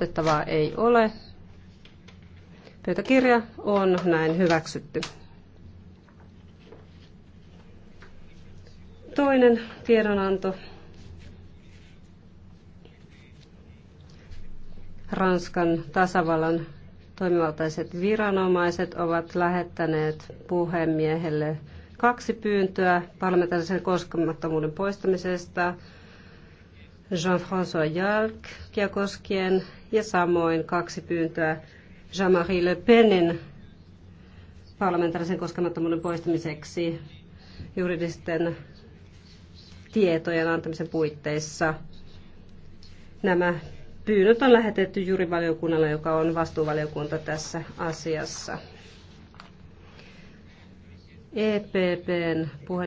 Huomautettavaa ei ole. Pöytäkirja on näin hyväksytty. Toinen tiedonanto. Ranskan tasavallan toimivaltaiset viranomaiset ovat lähettäneet puhemiehelle kaksi pyyntöä parlamentaarisen koskemattomuuden poistamisesta Jean-François ja koskien ja samoin kaksi pyyntöä Jean-Marie Le Penin parlamentaarisen koskemattomuuden poistamiseksi juridisten tietojen antamisen puitteissa. Nämä pyynnöt on lähetetty juurivaliokunnalle, joka on vastuuvaliokunta tässä asiassa. EPPn puhe